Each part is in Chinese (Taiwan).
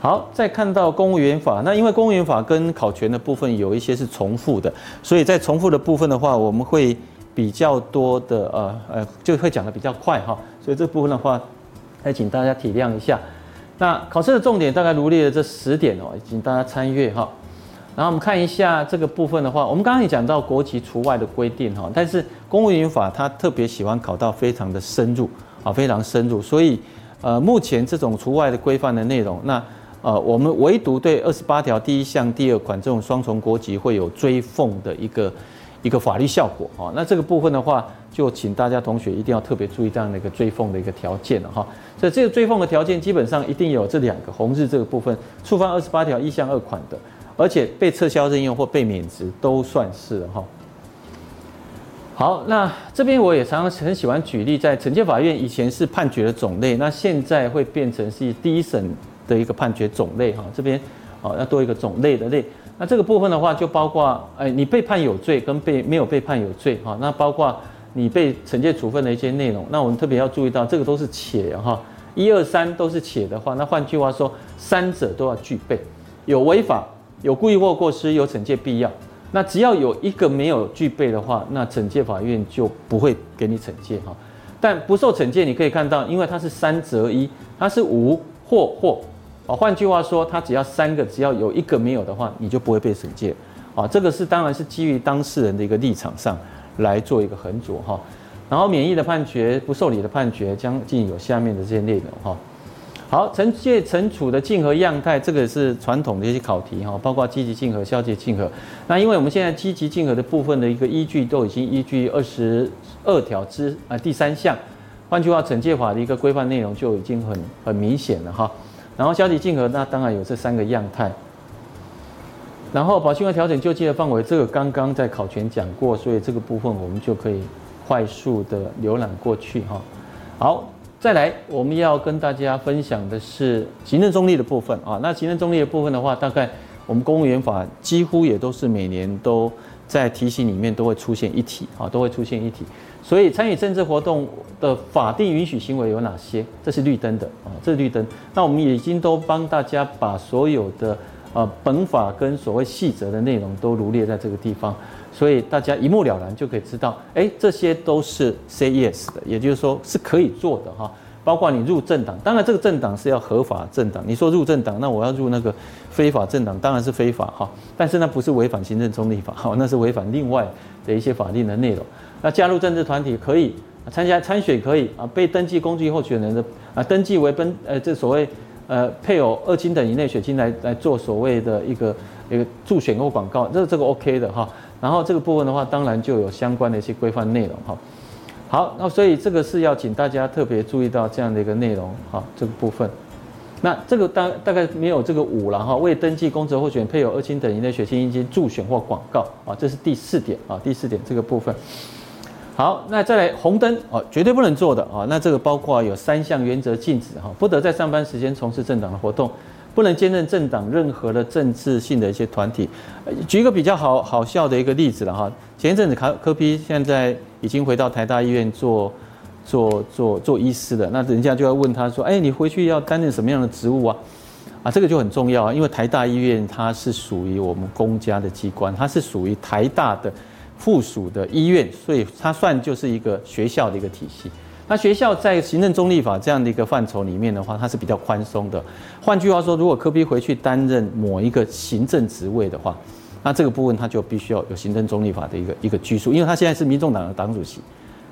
好，再看到公務員法，那因為公務員法跟考銓的部分有一些是重複的，所以在重複的部分的話，我們會比較多的啊，呃，就會講得比較快哈，所以這部分的話，還請大家體諒一下。那考試的重點大概羅列了這十點哦，請大家參閱哈。然後我們看一下這個部分的話，我們剛剛也講到國籍除外的規定哈。但是公務員法它特別喜歡考到非常的深入啊，非常深入。所以，呃，目前這種除外的規範的內容，那呃，我們唯獨對二十八條第一項第二款這種雙重國籍會有追俸的一個一個法律效果啊。那這個部分的話，就請大家同學一定要特別注意這樣的一個追俸的一個條件了哈。所以這個追俸的條件基本上一定有這兩個紅字這個部分觸犯二十八條一項二款的。而且被撤銷任用或被免職都算是哈。好，那這邊我也常常很喜歡舉例，在懲戒法院以前是判決的種類，那現在會變成是第一審的一個判決種類哈。這邊哦要多一個種類的類。那這個部分的話，就包括哎你被判有罪跟被沒有被判有罪哈。那包括你被懲戒處分的一些內容。那我們特別要注意到，這個都是且哈，一二三都是且的話，那換句話說，三者都要具備，有違法。有故意或過失，有懲戒必要，那只要有一個沒有具備的話，那懲戒法院就不會給你懲戒哈。但不受懲戒，你可以看到，因為它是三擇一，它是無或或啊，換句話說，它只要三個，只要有一個沒有的話，你就不會被懲戒啊。這個是當然是基於當事人的一個立場上來做一個衡酌。哈。然後，免議的判決、不受理的判決，將近有下面的這些內容哈。好，懲戒、懲處的競合樣態，這個是傳統的一些考題哈，包括積極競合、消極競合。那因為我們現在積極競合的部分的一個依據都已經依據二十二條之啊第三項，換句話，懲戒法的一個規範內容就已經很很明顯了哈。然後消極競合，那當然有這三個樣態。然後，保險法調整救濟的範圍，這個剛剛在考前講過，所以這個部分我們就可以快速的瀏覽過去哈。好。再來，我們要跟大家分享的是行政中立的部分啊。那行政中立的部分的話，大概我們公務員法幾乎也都是每年都在題型裡面都會出現一題啊，都會出現一題。所以參與政治活動的法定允許行為有哪些？這是綠燈的啊，這是綠燈。那我們已經都幫大家把所有的呃本法跟所謂細則的內容都羅列在這個地方。所以大家一目了然，就可以知道，哎，這些都是 say yes 的，也就是說是可以做的哈。包括你入政黨，當然這個政黨是要合法政黨。你說入政黨，那我要入那個非法政黨，當然是非法哈。但是那不是違反行政中立法，好，那是違反另外的一些法定的內容。那加入政治團體可以，參加參選可以啊，被登記公職候選人的啊，登記為奔，呃，這所謂呃配偶二親等以內血親來來做所謂的一個一個助選或廣告，這這個 OK 的哈。然後這個部分的話，當然就有相關的一些規範內容哈。好，那所以這個是要請大家特別注意到這樣的一個內容哈，這個部分。那這個大大概沒有這個五了哈，未登記公職候選，配有二親等以內的血親姻親助選或廣告啊，這是第四點啊，第四點這個部分。好，那再來紅燈啊，絕對不能做的啊。那這個包括有三項原則禁止哈，不得在上班時間從事政黨的活動。不能兼任政黨任何的政治性的一些團體。舉一個比較好好笑的一個例子了哈，前一陣子柯柯 P 現在已經回到台大醫院做做做做醫師了，那人家就要問他說：“哎，你回去要擔任什麼樣的職務啊？”啊，這個就很重要啊，因為台大醫院它是屬於我們公家的機關，它是屬於台大的附屬的醫院，所以它算就是一個學校的一個體系。那學校在行政中立法這樣的一個範疇裡面的話，它是比較寬鬆的。換句話說，如果柯 P 回去擔任某一個行政職位的話，那這個部分他就必須要有行政中立法的一個一個拘束，因為他現在是民眾黨的黨主席，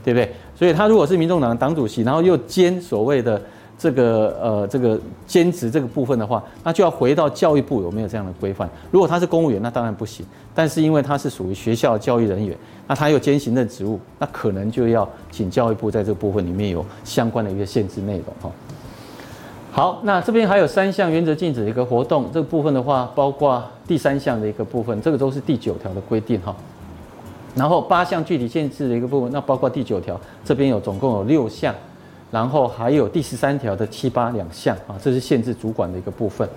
對不對？所以他如果是民眾黨的黨主席，然後又兼所謂的。這個呃，這個兼職這個部分的話，那就要回到教育部有沒有這樣的規範。如果他是公務員，那當然不行。但是因為他是屬於學校的教育人員，那他又兼行政職務，那可能就要請教育部在這個部分裡面有相關的一個限制內容哈。好，那這邊還有三項原則禁止的一個活動這個部分的話，包括第三項的一個部分，這個都是第九條的規定哈。然後八項具體限制的一個部分，那包括第九條，這邊有總共有六項。然後還有第十三條的七八兩項啊，這是限制主管的一個部分。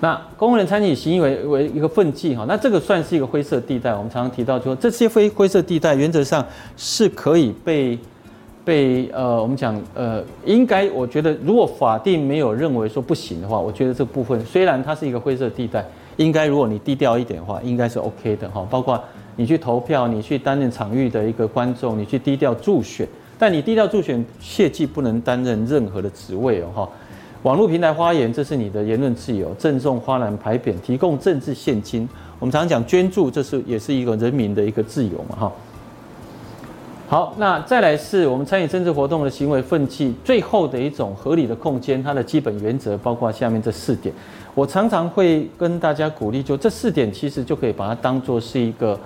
那公務員參與行為為一個奮進哈，那這個算是一個灰色地帶。我們常常提到說，說這些灰灰色地帶原則上是可以被被呃，我們講呃，應該我覺得如果法定沒有認為說不行的話，我覺得這部分雖然它是一個灰色地帶，應該如果你低調一點的話，應該是 OK 的哈。包括你去投票，你去擔任場域的一個觀眾，你去低調助選。但你低調助選，切記不能擔任任何的職位哦！哈，網絡平台發言，這是你的言論自由；贈送花籃牌匾，提供政治獻金，我們常常講捐助，這是也是一個人民的一個自由嘛！哈，好，那再來是我們參與政治活動的行為分際，最後的一種合理的空間，它的基本原則包括下面這四點。我常常會跟大家鼓勵，就這四點其實就可以把它當做是一個，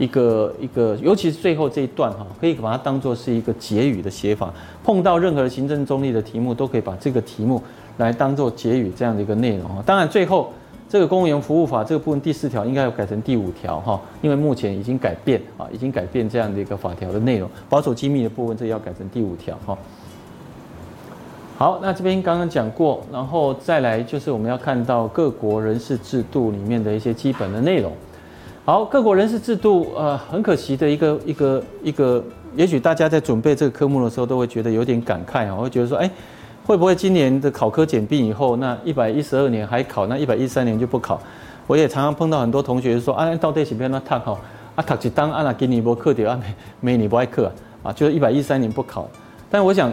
一個一個，尤其是最後這一段哈，可以把它當做是一個結語的寫法。碰到任何的行政中立的題目，都可以把這個題目來當做結語這樣的一個內容啊。當然，最後這個公務員服務法這個部分第四條應該要改成第五條哈，因為目前已經改變啊，已經改變這樣的一個法條的內容。保守機密的部分，這要改成第五條哈。好，那這邊剛剛講過，然後再來就是我們要看到各國人事制度裡面的一些基本的內容。好，各國人事制度，呃，很可惜的一個一個一個，也許大家在準備這個科目的時候，都會覺得有點感慨啊，會覺得說，哎，會不會今年的考科簡併以後，那一百一十二年還考，那一百一十三年就不考？我也常常碰到很多同學說，啊，這到底要不要那考？啊，考試當啊給你一波課的啊，沒你不愛課啊，就是一百一十三年不考。但我想，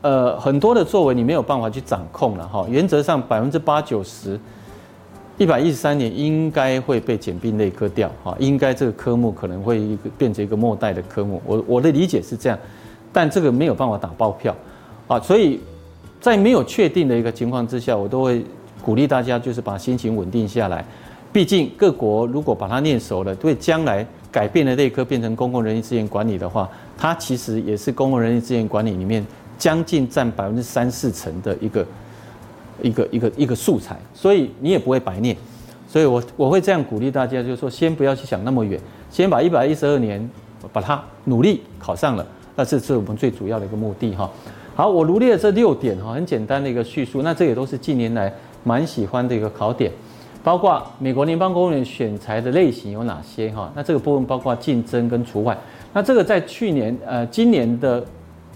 呃，很多的作為你沒有辦法去掌控了哈、啊，原則上百分之八九十。一百一十三年應該會被簡併類科掉，啊，應該這個科目可能會變成一個末代的科目。我我的理解是這樣，但這個沒有辦法打包票，啊，所以在沒有確定的一個情況之下，我都會鼓勵大家就是把心情穩定下來。畢竟各國如果把它念熟了，對將來改變了類科變成公共人力資源管理的話，它其實也是公共人力資源管理裡面將近佔百分之三四成的一個。一個一個一個素材，所以你也不會白念，所以我我會這樣鼓勵大家，就是說先不要去想那麼遠，先把一百一十二年把它努力考上了，那這是，是我們最主要的一個目的哈。好，我羅列了這六點哈，很簡單的一個敘述，那這也都是近年來蠻喜歡的一個考點，包括美國聯邦公務員選材的類型有哪些哈，那這個部分包括競爭跟除外，那這個在去年呃今年的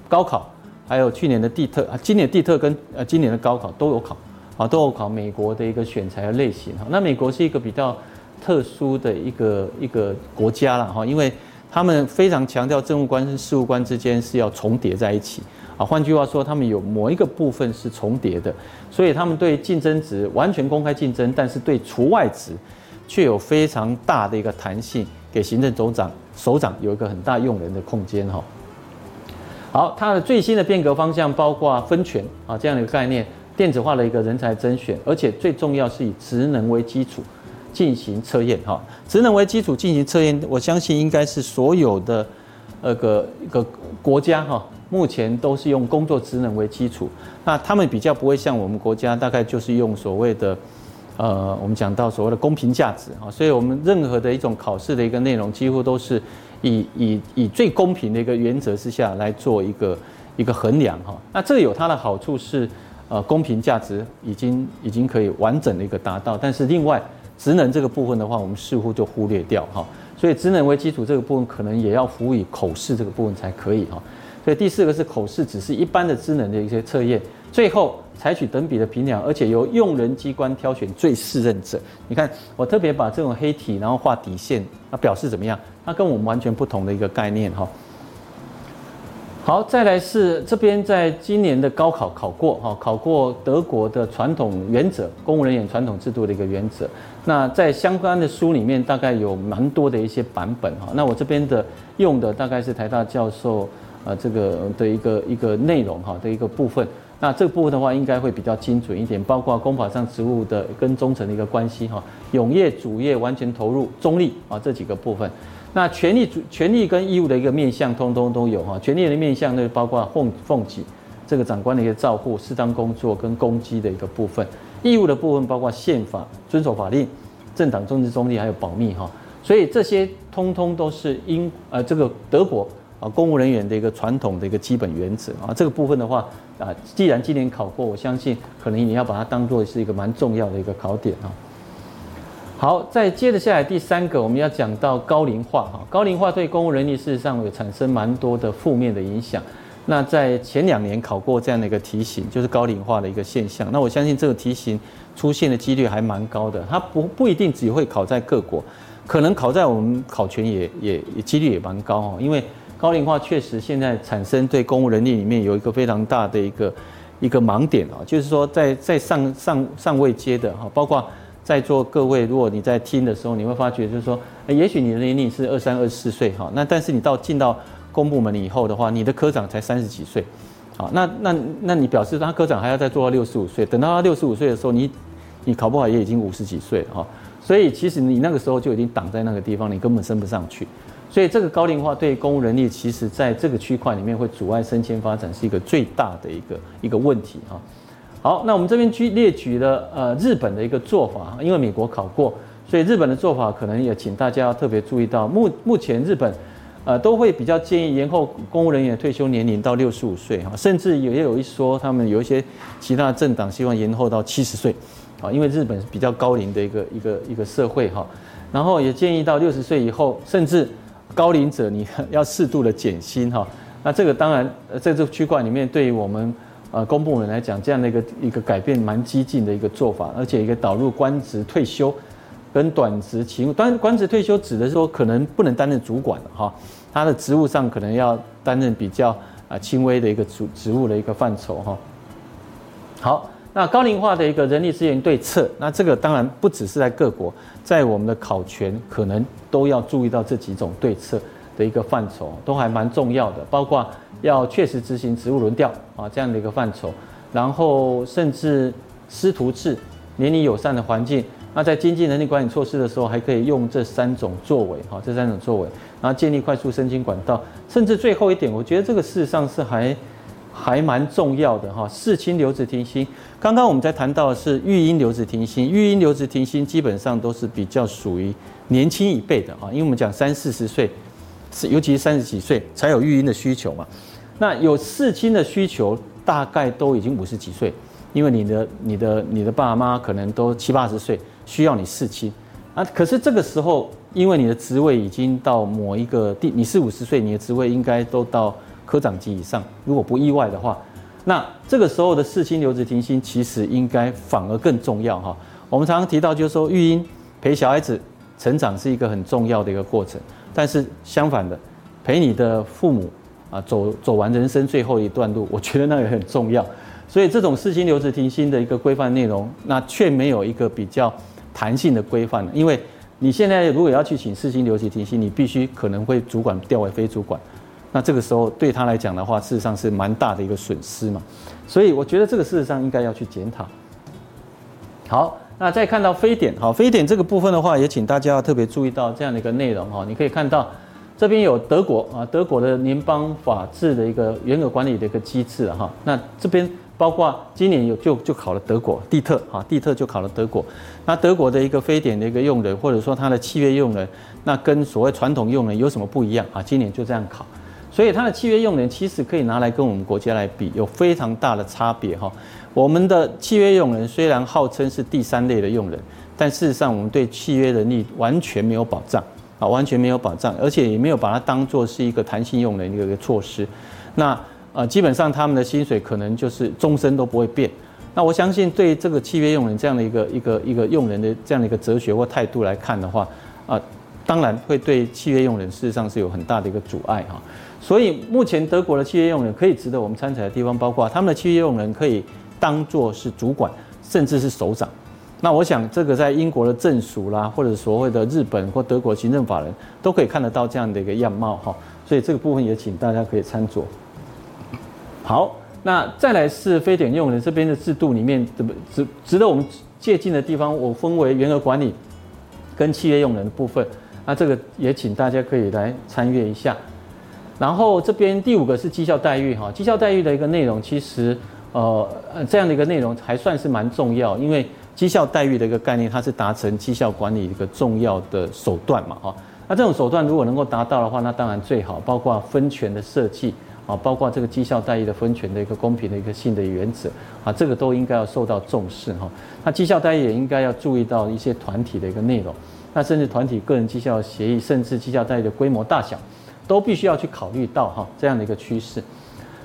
高考。還有去年的地特，今年地特跟呃今年的高考都有考，啊都有考美國的一個選材的類型哈。那美國是一個比較特殊的一個一個國家了哈，因為他們非常強調政務官跟事務官之間是要重疊在一起，啊換句話說，他們有某一個部分是重疊的，所以他們對競爭值完全公開競爭，但是對除外值卻有非常大的一個彈性，給行政總長首長有一個很大用人的空間哈。好，它的最新的變革方向包括分權啊這樣的一個概念，電子化的一個人才甄選，而且最重要是以職能為基礎進行測驗哈。職能為基礎進行測驗，我相信應該是所有的那個一個國家哈，目前都是用工作職能為基礎。那他們比較不會像我們國家，大概就是用所謂的呃，我們講到所謂的公平價值哈，所以我們任何的一種考試的一個內容，幾乎都是。以以以最公平的一個原則之下來做一個一個衡量哈，那這有它的好處是，呃，公平價值已經已經可以完整的一個達到，但是另外職能這個部分的話，我們似乎就忽略掉哈，所以職能為基礎這個部分可能也要服務於口試這個部分才可以哈，所以第四個是口試只是一般的職能的一些測驗，最後。採取等比的評量，而且由用人機關挑選最適任者。你看，我特別把這種黑體，然後畫底線，表示怎麼樣？它跟我們完全不同的一個概念哈。好，再來是這邊在今年的高考考過哈，考過德國的傳統原則，公務人員傳統制度的一個原則。那在相關的書裡面，大概有蠻多的一些版本哈。那我這邊的用的大概是台大教授呃這個的一個一個內容哈的一個部分。那這個部分的話，應該會比較精準一點，包括公法上職務的跟忠誠的一個關係哈，永業主業完全投入中立啊這幾個部分，那權利主權利跟義務的一個面向，通通都有哈，權利的面向呢，包括俸俸給這個長官的一個照護、適當工作跟攻擊的一個部分，義務的部分包括憲法遵守法令、政黨政治中立還有保密哈，所以這些通通都是英呃這個德國。啊，公務人員的一個傳統的一個基本原則啊，這個部分的話啊，既然今年考過，我相信可能你要把它當作是一個蠻重要的一個考點啊。好，再接着下來第三個，我們要講到高齡化哈。高齡化對公務人力事實上有產生蠻多的負面的影響。那在前兩年考過這樣的一個題型，就是高齡化的一個現象。那我相信這個題型出現的幾率還蠻高的，它不不一定只會考在各國，可能考在我們考銓，也也幾率也蠻高哈，因為。高齡化確實現在產生對公務人力裡面有一個非常大的一個一個盲點啊，就是說在在上上上位階的哈，包括在座各位，如果你在聽的時候，你會發覺就是說，欸，也許你的年齡是二三、二四歲哈，那但是你到進到公部門以後的話，你的科長才三十幾歲，好，那那那你表示他科長還要再做到六十五歲，等到他六十五歲的時候，你你考不好也已經五十幾歲了哈，所以其實你那個時候就已經擋在那個地方，你根本升不上去。所以這個高齡化對公務人力，其實在這個區塊裡面會阻礙升遷發展，是一個最大的一個一個問題哈。好，那我們這邊舉列舉了呃日本的一個做法，因為美國考過，所以日本的做法可能也請大家要特別注意到。目目前日本，呃都會比較建議延後公務人員退休年齡到六十五歲哈，甚至有也有一說他們有一些其他政黨希望延後到七十歲，啊，因為日本是比較高齡的一個一個一個社會哈，然後也建議到六十歲以後，甚至。高齡者，你要適度的減薪哈。那這個當然在這個區塊裡面，對於我們呃公部門來講，這樣的一個一個改變蠻激進的一個做法，而且一個導入官職退休跟短職勤，當然官職退休指的是說，可能不能擔任主管了哈。他的職務上可能要擔任比較啊輕微的一個職職務的一個範疇哈。好。那高齡化的一個人力資源對策，那這個當然不只是在各國，在我們的考銓，可能都要注意到這幾種對策的一個範疇，都還蠻重要的，包括要確實執行職務輪調啊這樣的一個範疇，然後甚至師徒制、年齡友善的環境，那在經濟人力管理措施的時候，還可以用這三種作為哈，這三種作為，然後建立快速申請管道，甚至最後一點，我覺得這個事實上是還。還蠻重要的哈，侍親留職停薪。剛剛我們在談到的是育嬰留職停薪，育嬰留職停薪基本上都是比較屬於年輕一輩的啊，因為我們講三四十歲，是尤其是三十幾歲才有育嬰的需求嘛。那有侍親的需求，大概都已經五十幾歲，因為你的、你的、你的,你的爸媽可能都七八十歲，需要你侍親啊。可是這個時候，因為你的職位已經到某一個地，你是五十歲，你的職位應該都到。科長級以上，如果不意外的話，那這個時候的侍親留職停薪其實應該反而更重要哈。我們常常提到，就是說育嬰陪小孩子成長是一個很重要的一個過程，但是相反的，陪你的父母啊走走完人生最後一段路，我覺得那也很重要。所以這種侍親留職停薪的一個規範內容，那卻沒有一個比較彈性的規範。因為你現在如果要去請侍親留職停薪，你必須可能會主管調為非主管。那這個時候對他來講的話，事實上是蠻大的一個損失嘛，所以我覺得這個事實上應該要去檢討。好，那再看到非典，好，非典這個部分的話，也請大家要特別注意到這樣的一個內容哈。你可以看到這邊有德國啊，德國的聯邦法制的一個原有管理的一個機制啊。哈。那這邊包括今年有就就考了德國地特哈，地特就考了德國，那德國的一個非典的一個用人或者說他的契約用人，那跟所謂傳統用人有什麼不一樣啊？今年就這樣考。所以，它的契約用人其實可以拿來跟我們國家來比，有非常大的差別哈。我們的契約用人雖然號稱是第三類的用人，但事實上我們對契約人力完全沒有保障啊，完全沒有保障，而且也沒有把它當作是一個彈性用人的一個措施。那呃，基本上他們的薪水可能就是終身都不會變。那我相信，對這個契約用人這樣的一個一個一個用人的這樣的一個哲學或態度來看的話，啊、呃。當然會對契約用人事實上是有很大的一個阻礙哈，所以目前德國的契約用人可以值得我們參採的地方，包括他們的契約用人可以當做是主管，甚至是首長。那我想這個在英國的政署啦，或者所謂的日本或德國行政法人都可以看得到這樣的一個樣貌哈，所以這個部分也請大家可以參酌。好，那再來是非典用人這邊的制度裡面值值得我們借鑑的地方，我分為員額管理跟契約用人的部分。那這個也，請大家可以來參與一下。然後這邊第五個是績效待遇，哈，績效待遇的一個內容，其實，呃，這樣的一個內容還算是蠻重要，因為績效待遇的一個概念，它是達成績效管理一個重要的手段嘛，哈。那這種手段如果能夠達到的話，那當然最好。包括分權的設計啊，包括這個績效待遇的分權的一個公平的一個性的原則啊，這個都應該要受到重視哈。那績效待遇也應該要注意到一些團體的一個內容。那甚至團體、個人績效協議，甚至績效待遇的規模大小，都必須要去考慮到哈，這樣的一個趨勢。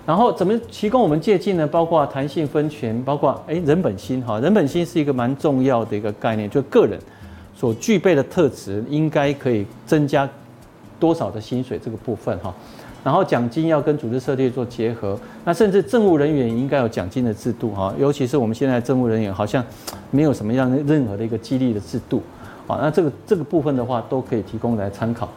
然後怎麼提供我們借鏡呢？包括彈性分權，包括哎人本薪哈，人本薪是一個蠻重要的一個概念，就個人所具備的特質應該可以增加多少的薪水這個部分哈。然後獎金要跟組織設立做結合，那甚至政務人員應該有獎金的制度哈，尤其是我們現在的政務人員好像沒有什麼樣的任何的一個激勵的制度。好，那這個這個部分的話，都可以提供來參考。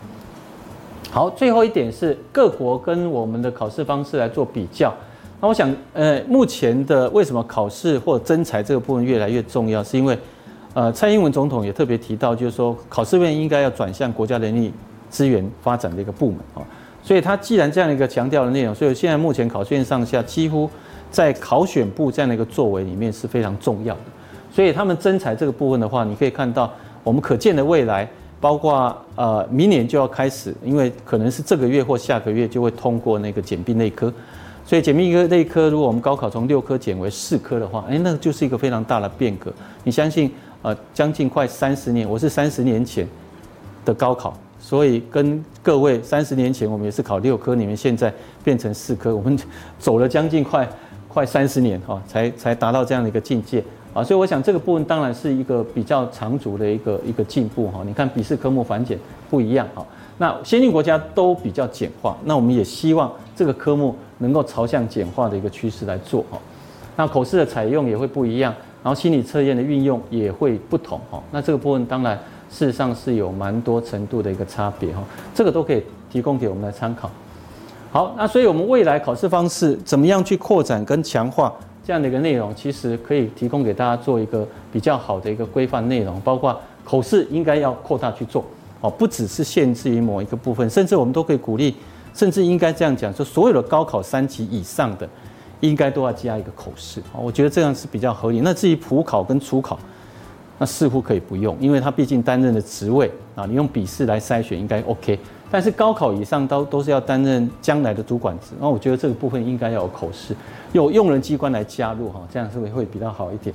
好，最後一點是各國跟我們的考試方式來做比較。那我想，呃，目前的為什麼考試或者徵才這個部分越來越重要，是因為，呃，蔡英文總統也特別提到，就是說考試院應該要轉向國家人力資源發展的一個部門啊。所以他既然這樣一個強調的內容，所以現在目前考試院上下幾乎在考選部這樣的一個作為裡面是非常重要的。所以他們徵才這個部分的話，你可以看到，我們可見的未來，包括呃明年就要開始，因為可能是這個月或下個月就會通過那個減併類科。所以減併類科，如果我們高考從六科減為四科的話，誒，那就是一個非常大的變革。你相信呃，將近快三十年，我是三十年前的高考，所以跟各位三十年前我們也是考六科，你們現在變成四科，我們走了將近快快三十年哈、哦，才才達到這樣的一個境界。啊，所以我想這個部分當然是一個比較長足的一個一個進步哈。你看筆試科目繁簡不一樣哈，那先進國家都比較簡化，那我們也希望這個科目能夠朝向簡化的一個趨勢來做哈。那口試的採用也會不一樣，然後心理測驗的運用也會不同哈。那這個部分當然事實上是有蠻多程度的一個差別哈，這個都可以提供給我們來參考。好，那所以我們未來考試方式怎麼樣去擴展跟強化？這樣的一個內容，其實可以提供給大家做一個比較好的一個規範內容，包括口試應該要擴大去做哦，不只是限制於某一個部分，甚至我們都可以鼓勵，甚至應該這樣講，說所有的高考三級以上的，應該都要加一個口試。我覺得這樣是比較合理。那至於普考跟初考，那似乎可以不用，因為他畢竟擔任的職位啊，你用筆試來篩選應該 OK。但是高考以上都都是要擔任將來的主管職，那我覺得這個部分應該要有口試，有用人機關來加入哈，這樣是不是會比較好一點？